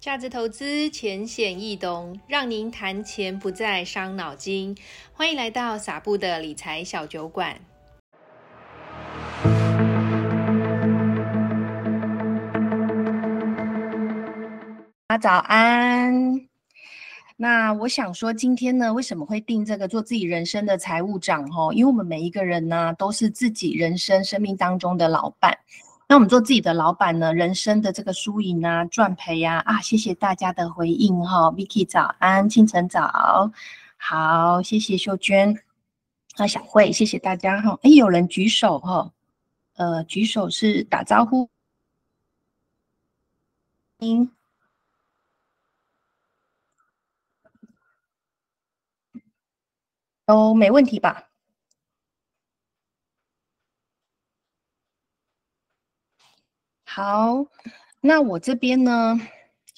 價值投資淺顯易懂，讓您談錢不再傷腦筋。歡迎來到撒布的理財小酒館。啊，早安！那我想說，今天呢，為什麼會定這個做自己人生的財務長？吼，因為我們每一個人呢，都是自己人生生命當中的老闆。那我們做自己的老闆呢？人生的這個輸贏啊，賺賠呀啊！謝謝大家的回應哈，Vicky 早安，清晨早，好，謝謝秀娟，和、啊、小慧，謝謝大家哈。哎，有人舉手哈？呃，舉手是打招呼，都都沒問題吧？好，那我這邊呢，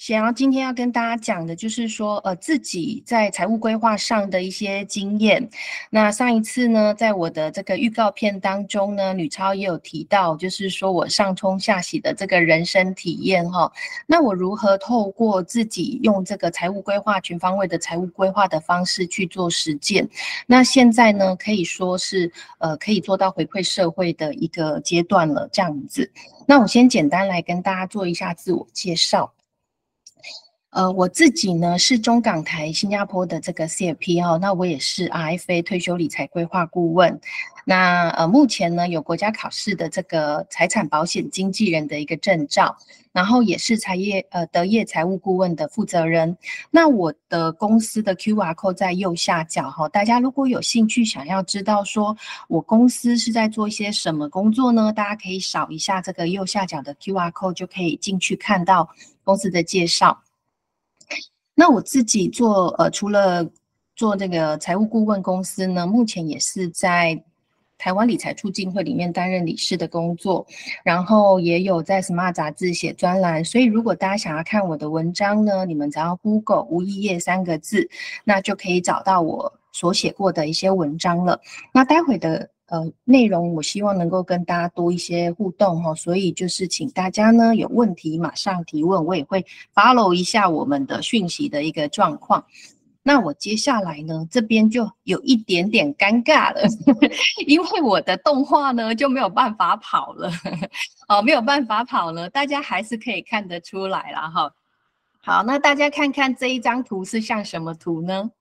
想要今天要跟大家講的就是說，呃，自己在財務規劃上的一些經驗。那上一次呢，在我的這個預告片當中呢，呂超也有提到，就是說我上沖下洗的這個人生體驗哈。那我如何透過自己用這個財務規劃、全方位的財務規劃的方式去做實踐？那現在呢，可以說是呃，可以做到回饋社會的一個階段了，這樣子。那我先簡單來跟大家做一下自我介紹。呃，我自己呢是中港台新加坡的這個 CFP 哈、哦，那我也是 RFA 退休理財規劃顧問。那呃，目前呢有國家考試的這個財產保險經紀人的一個證照，然後也是財業呃德燁財務顧問的負責人。那我的公司的 QR code 在右下角哈、哦，大家如果有興趣想要知道說我公司是在做一些什麼工作呢，大家可以掃一下這個右下角的 QR code 就可以進去看到公司的介紹。那我自己做呃，除了做這個財務顧問公司呢，目前也是在台灣理財促進會裡面擔任理事的工作，然後也有在《Smart》雜誌寫專欄。所以，如果大家想要看我的文章呢，你們只要 Google“ 吳亦燁”三個字，那就可以找到我所寫過的一些文章了。那待會的。呃，內容我希望能夠跟大家多一些互動哈、哦，所以就是請大家呢，有問題馬上提問，我也會 follow 一下我們的訊息的一個狀況。那我接下來呢，這邊就有一點點尷尬了， 因為我的動畫呢就沒有辦法跑了，哦， 沒有辦法跑了，大家還是可以看得出來了哈。好，那大家看看這一張圖是像什麼圖呢？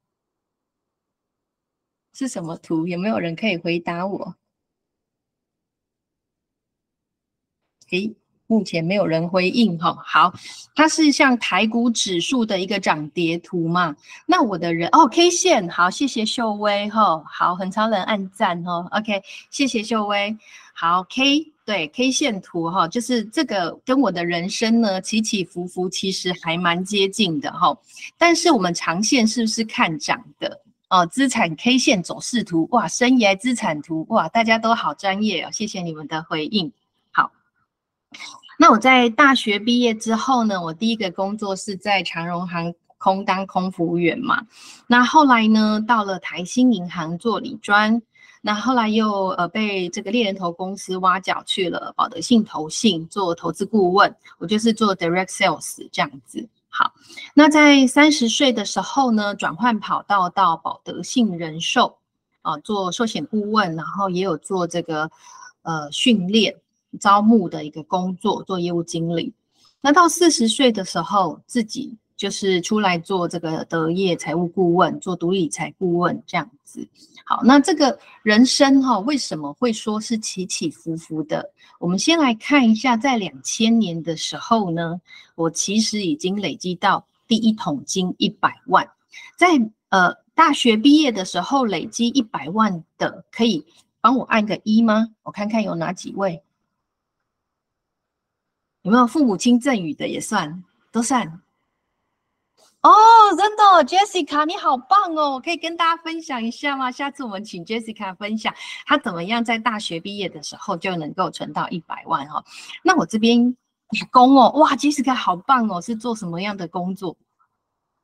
是什麼圖？有沒有人可以回答我？哎，目前沒有人回應哈、哦。好，它是像台股指數的一個漲跌圖嘛？那我的人哦，K 線，好，謝謝秀威哈、哦。好，很超人按讚哈、哦。OK，謝謝秀威。好，K，對，K 線圖哈、哦，就是這個跟我的人生呢，起起伏伏，其實還蠻接近的哈、哦。但是我們長線是不是看漲的？哦，資產 K 線走勢圖哇，生涯資產圖哇，大家都好專業哦，謝謝你們的回應。好，那我在大學畢業之後呢，我第一個工作是在長榮航空當空服務員嘛。那後來呢，到了台新銀行做理專，那後來又呃被這個獵人頭公司挖角去了保德信投信做投資顧問，我就是做 Direct Sales 這樣子。好，那在三十歲的時候呢，轉換跑道到保德信人壽啊，做壽險顧問，然後也有做這個呃訓練招募的一個工作，做業務經理。那到四十歲的時候，自己，就是出來做這個德燁財務顧問，做獨立財顧問這樣子。好，那這個人生哈、哦，為什麼會說是起起伏伏的？我們先來看一下，在兩千年的時候呢，我其實已經累積到第一桶金一百萬。在呃大學畢業的時候，累積一百萬的，可以幫我按個一嗎？我看看有哪幾位，有沒有父母親贈與的也算，都算。哦，真的，Jessica，你好棒哦！我可以跟大家分享一下嗎？下次我們請 Jessica 分享她怎麼樣在大學畢業的時候就能夠存到一百萬哈、哦。那我這邊打工哦，哇，Jessica 好棒哦，是做什麼樣的工作？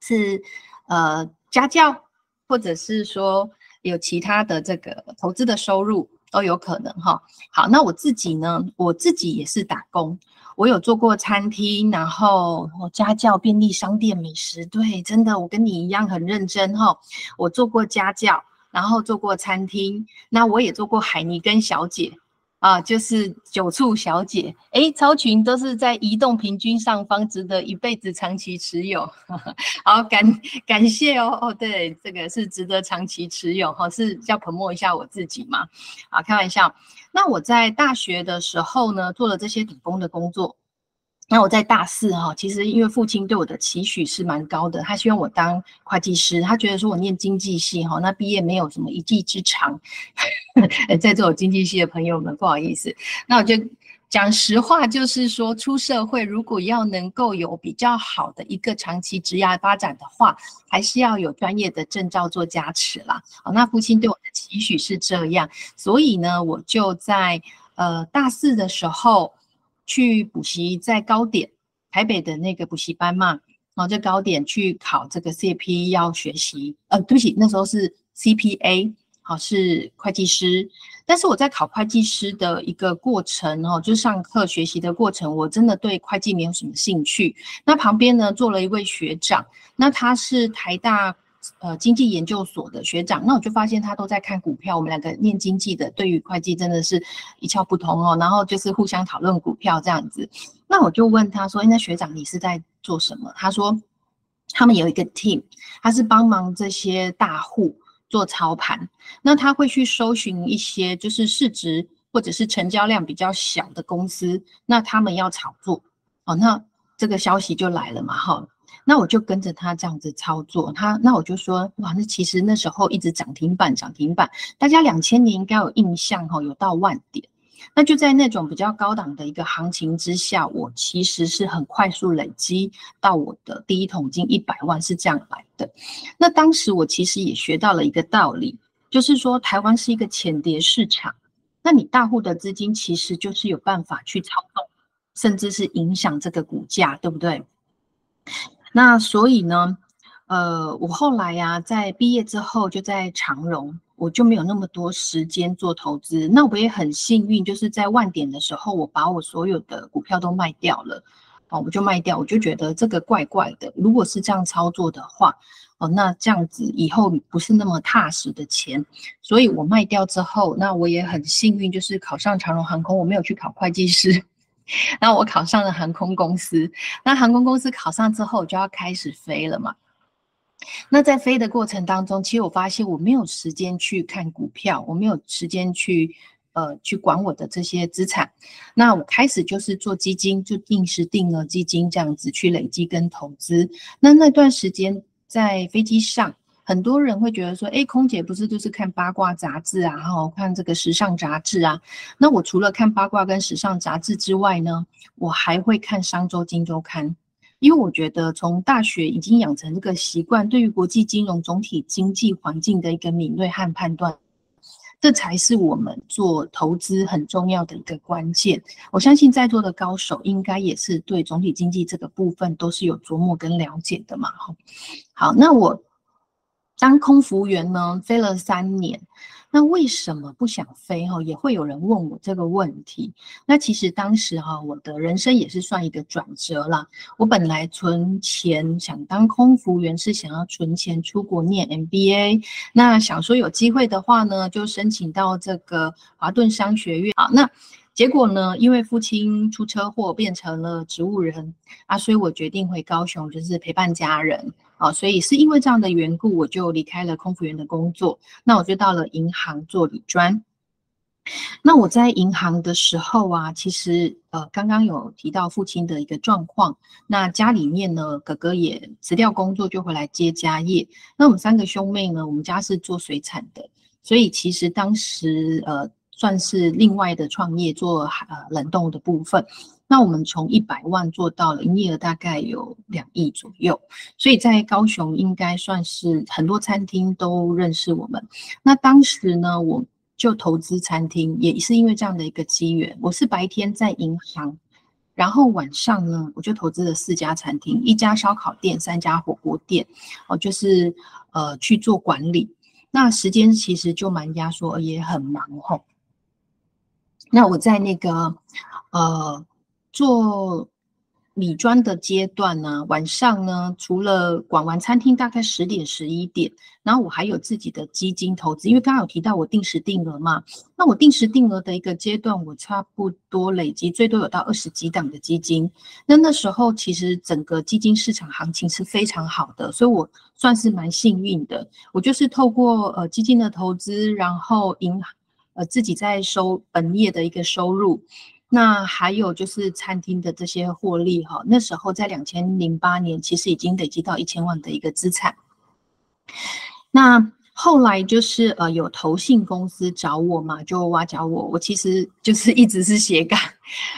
是呃家教，或者是說有其他的這個投資的收入都有可能哈、哦。好，那我自己呢，我自己也是打工。我有做過餐廳，然後家教、便利商店、美食，對，真的，我跟你一樣很認真哈。我做過家教，然後做過餐廳，那我也做過海尼根小姐。啊，就是酒促小姐，誒，超群都是在移動平均上方，值得一輩子長期持有。呵呵好感感謝哦哦，對，這個是值得長期持有哈、哦，是要 promote 一下我自己嘛？啊，開玩笑。那我在大學的時候呢，做了這些底工的工作。那我在大四哈，其實因為父親對我的期許是蠻高的，他希望我當會計師，他覺得說我念經濟系哈，那畢業沒有什麼一技之長。 在座有經濟系的朋友們，不好意思，那我就講實話，就是說出社會如果要能夠有比較好的一個長期職業發展的話，還是要有專業的證照做加持啦。那父親對我的期許是這樣，所以呢，我就在呃大四的時候。去補習在高點台北的那個補習班嘛，然後在高點去考這個 CP 要學習，呃，對不起，那時候是 CPA，好，哦，是會計師。但是我在考會計師的一個過程，哦，就上課學習的過程，我真的對會計沒有什麼興趣。那旁邊呢，坐了一位學長，那他是台大。呃，經濟研究所的學長，那我就發現他都在看股票。我們兩個念經濟的，對於會計真的是一竅不通哦。然後就是互相討論股票這樣子。那我就問他說：“哎，那學長你是在做什麼？”他說：“他們有一個 team，他是幫忙這些大戶做操盤。那他會去搜尋一些就是市值或者是成交量比較小的公司，那他們要炒作哦。那這個消息就來了嘛，哈。”那我就跟着他這樣子操作，他那我就說哇，那其實那時候一直漲停板漲停板，大家兩千年應該有印象哈、哦，有到萬點。那就在那種比較高檔的一個行情之下，我其實是很快速累積到我的第一桶金一百萬是這樣來的。那當時我其實也學到了一個道理，就是說台灣是一個淺碟市場，那你大戶的資金其實就是有辦法去操縱，甚至是影響這個股價，對不對？那所以呢，呃，我後來呀、啊，在畢業之後就在長榮，我就沒有那麼多時間做投資。那我也很幸運，就是在萬點的時候，我把我所有的股票都賣掉了，哦，我就賣掉，我就覺得這個怪怪的。如果是這樣操作的話，哦，那這樣子以後不是那麼踏實的錢。所以我賣掉之後，那我也很幸運，就是考上長榮航空，我沒有去考會計師。那我考上了航空公司，那航空公司考上之後就要開始飛了嘛。那在飛的過程當中，其實我發現我沒有時間去看股票，我沒有時間去呃，去管我的這些資產。那我開始就是做基金，就定時定額基金這樣子去累積跟投資。那那段時間在飛機上。很多人會覺得說，哎、欸，空姐不是就是看八卦雜誌啊，然後看這個時尚雜誌啊。那我除了看八卦跟時尚雜誌之外呢，我還會看《商周今周刊》，因為我覺得從大學已經養成這個習慣，對於國際金融總體經濟環境的一個敏銳和判斷，這才是我們做投資很重要的一個關鍵。我相信在座的高手應該也是對總體經濟這個部分都是有琢磨跟了解的嘛。哈，好，那我。當空服務員呢，飛了三年，那為什麼不想飛？哈，也會有人問我這個問題。那其實當時哈，我的人生也是算一個轉折啦。我本來存錢想當空服務員，是想要存錢出國念 MBA。那想說有機會的話呢，就申請到這個華頓商學院。好，那。結果呢，因為父親出車禍變成了植物人啊，所以我決定回高雄，就是陪伴家人啊。所以是因為這樣的緣故，我就離開了空服員的工作。那我就到了銀行做理專。那我在銀行的時候啊，其實呃，剛剛有提到父親的一個狀況。那家裡面呢，哥哥也辭掉工作就回來接家業。那我們三個兄妹呢，我們家是做水產的，所以其實當時呃。算是另外的創業做呃冷凍的部分，那我們從一百萬做到了營業額大概有兩億左右，所以在高雄應該算是很多餐廳都認識我們。那當時呢，我就投資餐廳也是因為這樣的一個機緣。我是白天在銀行，然後晚上呢，我就投資了四家餐廳，一家燒烤店，三家火鍋店，哦、呃，就是呃去做管理。那時間其實就蠻壓縮，而也很忙吼。那我在那個，呃，做米磚的階段呢，晚上呢，除了管完餐廳，大概十點十一點，然後我還有自己的基金投資，因為剛剛有提到我定時定額嘛。那我定時定額的一個階段，我差不多累積最多有到二十幾檔的基金。那那時候其實整個基金市場行情是非常好的，所以我算是蠻幸運的。我就是透過呃基金的投資，然後銀行。呃，自己在收本業的一個收入，那還有就是餐廳的這些獲利哈、哦。那時候在兩千零八年，其實已經累積到一千萬的一個資產。那後來就是呃，有投信公司找我嘛，就挖角我。我其實就是一直是斜槓，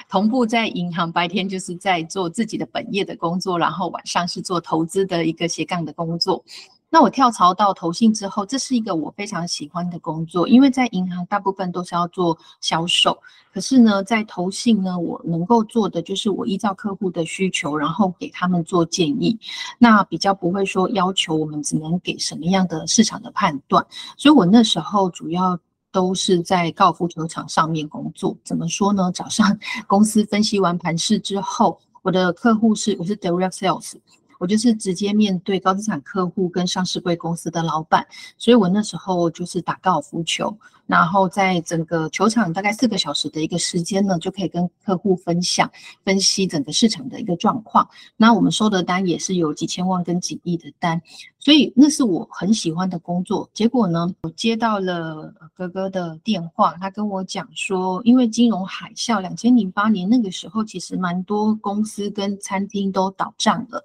同步在銀行白天就是在做自己的本業的工作，然後晚上是做投資的一個斜槓的工作。那我跳槽到投信之後，這是一個我非常喜歡的工作，因為在銀行大部分都是要做銷售，可是呢，在投信呢，我能夠做的就是我依照客戶的需求，然後給他們做建議，那比較不會說要求我們只能給什麼樣的市場的判斷，所以我那時候主要都是在高爾夫球場上面工作。怎麼說呢？早上公司分析完盤勢之後，我的客戶是我是 Direct Sales。我就是直接面對高資產客戶跟上市櫃公司的老闆，所以我那時候就是打高爾夫球，然後在整個球場大概四個小時的一個時間呢，就可以跟客戶分享、分析整個市場的一個狀況。那我們收的單也是有幾千萬跟幾億的單，所以那是我很喜歡的工作。結果呢，我接到了哥哥的電話，他跟我講說，因為金融海嘯，兩千零八年那個時候其實蠻多公司跟餐廳都倒賬了。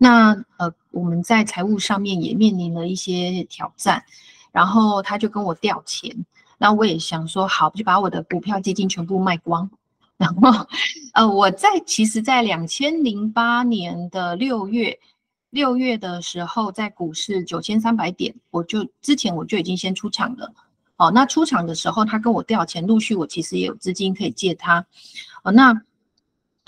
那呃，我們在財務上面也面臨了一些挑戰，然後他就跟我調錢，那我也想說好，就把我的股票基金全部賣光，然後呃，我在其實，在兩千零八年的六月六月的時候，在股市九千三百點，我就之前我就已經先出場了，好、哦，那出場的時候他跟我調錢，陸續我其實也有資金可以借他，好、哦，那。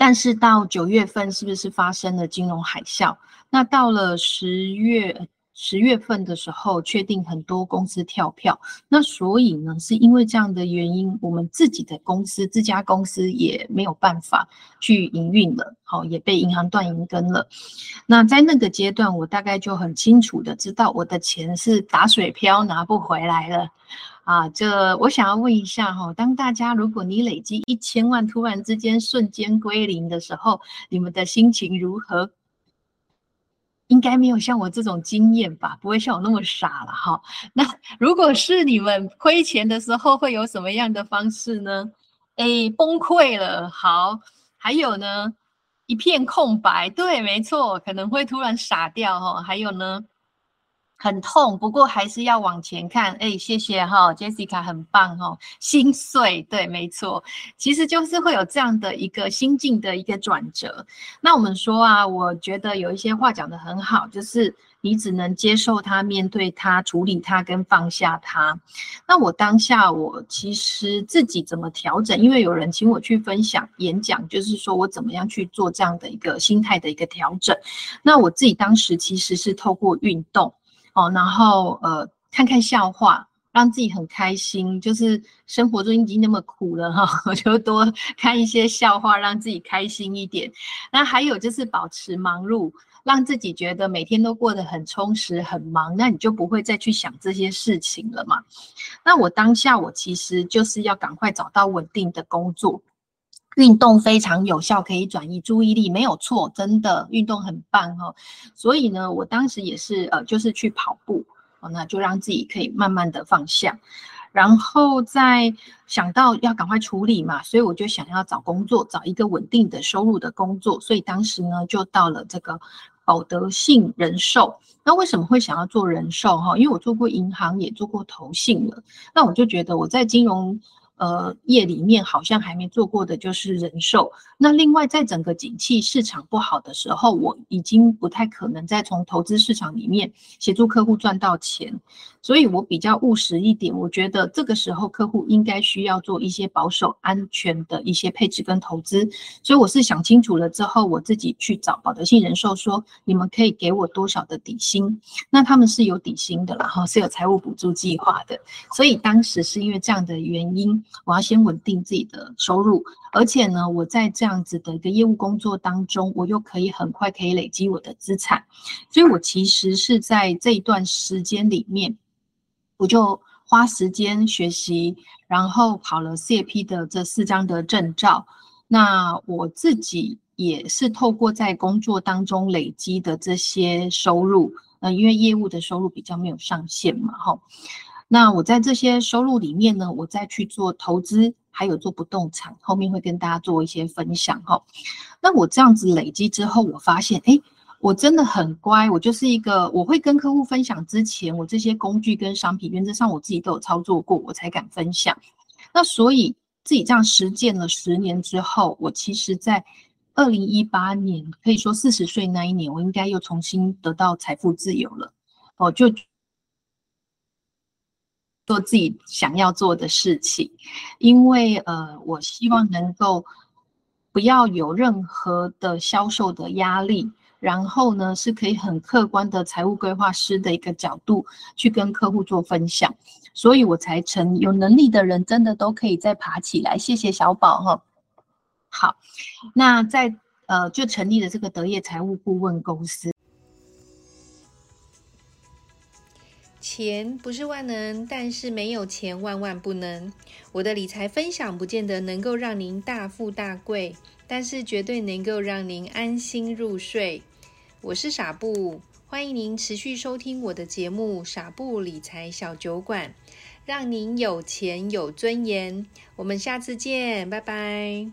但是到九月份是不是發生了金融海嘯？那到了十月，十月份的時候，確定很多公司跳票。那所以呢，是因為這樣的原因，我們自己的公司這家公司也沒有辦法去營運了，好、哦、也被銀行斷銀根了。那在那個階段，我大概就很清楚的知道我的錢是打水漂，拿不回來了。啊，這我想要問一下哈，當大家如果你累積一千萬突然之間瞬間歸零的時候，你們的心情如何？應該沒有像我這種經驗吧，不會像我那麼傻了哈。那如果是你們虧錢的時候，會有什麼樣的方式呢？哎，崩潰了。好，還有呢，一片空白。對，沒錯，可能會突然傻掉哈。還有呢？很痛，不過還是要往前看。哎、欸，謝謝哈、哦，Jessica 很棒哦，心碎，對，沒錯，其實就是會有這樣的一個心境的一個轉折。那我們說啊，我覺得有一些話講得很好，就是你只能接受它、面對它、處理它跟放下它。那我當下我其實自己怎麼調整？因為有人請我去分享演講，就是說我怎麼樣去做這樣的一個心態的一個調整。那我自己當時其實是透過運動。哦，然後呃，看看笑話，讓自己很開心。就是生活中已經那麼苦了哈，我就多看一些笑話，讓自己開心一點。那還有就是保持忙碌，讓自己覺得每天都過得很充實、很忙，那你就不會再去想這些事情了嘛。那我當下我其實就是要趕快找到穩定的工作。運動非常有效，可以轉移注意力，沒有錯，真的運動很棒哦。所以呢，我當時也是呃，就是去跑步，哦，那就讓自己可以慢慢的放下，然後再想到要趕快處理嘛，所以我就想要找工作，找一個穩定的收入的工作。所以當時呢，就到了這個保德信人壽。那為什麼會想要做人壽哈，哦？因為我做過銀行，也做過投信了，那我就覺得我在金融。呃，業裡面好像還沒做過的就是人壽。那另外，在整個景氣市場不好的時候，我已經不太可能再從投資市場裡面協助客戶賺到錢，所以我比較務實一點。我覺得這個時候客戶應該需要做一些保守、安全的一些配置跟投資。所以我是想清楚了之後，我自己去找保德信人壽說，你們可以給我多少的底薪？那他們是有底薪的，然後是有財務補助計劃的。所以當時是因為這樣的原因。我要先穩定自己的收入，而且呢，我在這樣子的一個業務工作當中，我又可以很快可以累積我的資產，所以我其實是在這一段時間裡面，我就花時間學習，然後考了 CFP 的這四張的證照。那我自己也是透過在工作當中累積的這些收入，嗯、呃，因為業務的收入比較沒有上限嘛，哈。那我在這些收入裡面呢，我再去做投資，還有做不動產，後面會跟大家做一些分享哈、哦。那我這樣子累積之後，我發現，誒，我真的很乖，我就是一個，我會跟客戶分享之前我這些工具跟商品，原則上我自己都有操作過，我才敢分享。那所以自己這樣實踐了十年之後，我其實在二零一八年，可以說四十歲那一年，我應該又重新得到財富自由了。哦，就。做自己想要做的事情，因為呃，我希望能夠不要有任何的銷售的壓力，然後呢，是可以很客觀的財務規劃師的一個角度去跟客戶做分享，所以我才成有能力的人真的都可以再爬起來。謝謝小寶哈、哦，好，那在呃，就成立了這個德燁財務顧問公司。錢不是萬能，但是沒有錢萬萬不能。我的理財分享不見得能夠讓您大富大貴，但是絕對能夠讓您安心入睡。我是傻布，歡迎您持續收聽我的節目《傻布理財小酒館》，讓您有錢有尊嚴。我們下次見，拜拜。